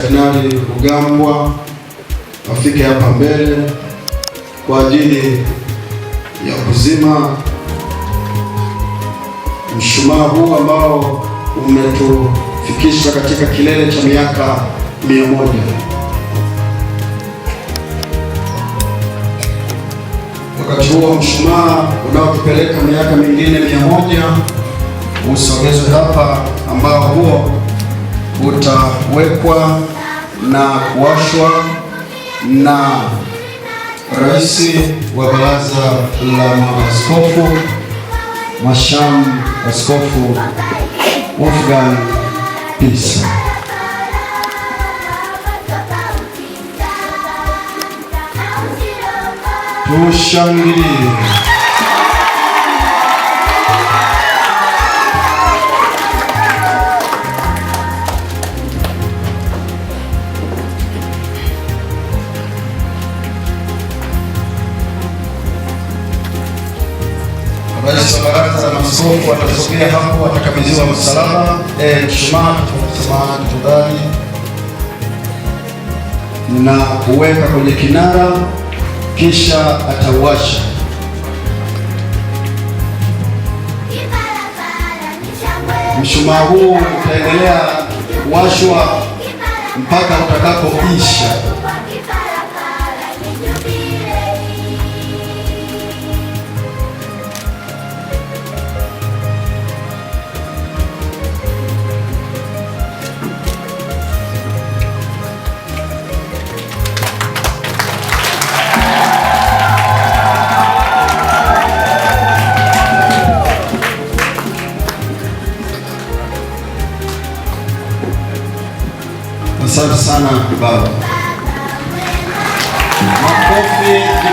Kanali Rugambwa wafike hapa mbele kwa ajili ya kuzima mshumaa huu ambao umetufikisha katika kilele cha miaka mia moja. Wakati huo mshumaa unaotupeleka miaka mingine mia moja usogezwe hapa, ambao huo utawekwa na kuwashwa na Rais wa Baraza la Maaskofu masham Askofu Wolfgang Pisa. Tushangilie. rais wa hapo, watakabidhiwa msalaba e, mshumaa na kuweka kwenye kinara, kisha atauasha. Mshumaa huu utaendelea kuwashwa mpaka utakapoisha. Asante sana kibao. Makofi.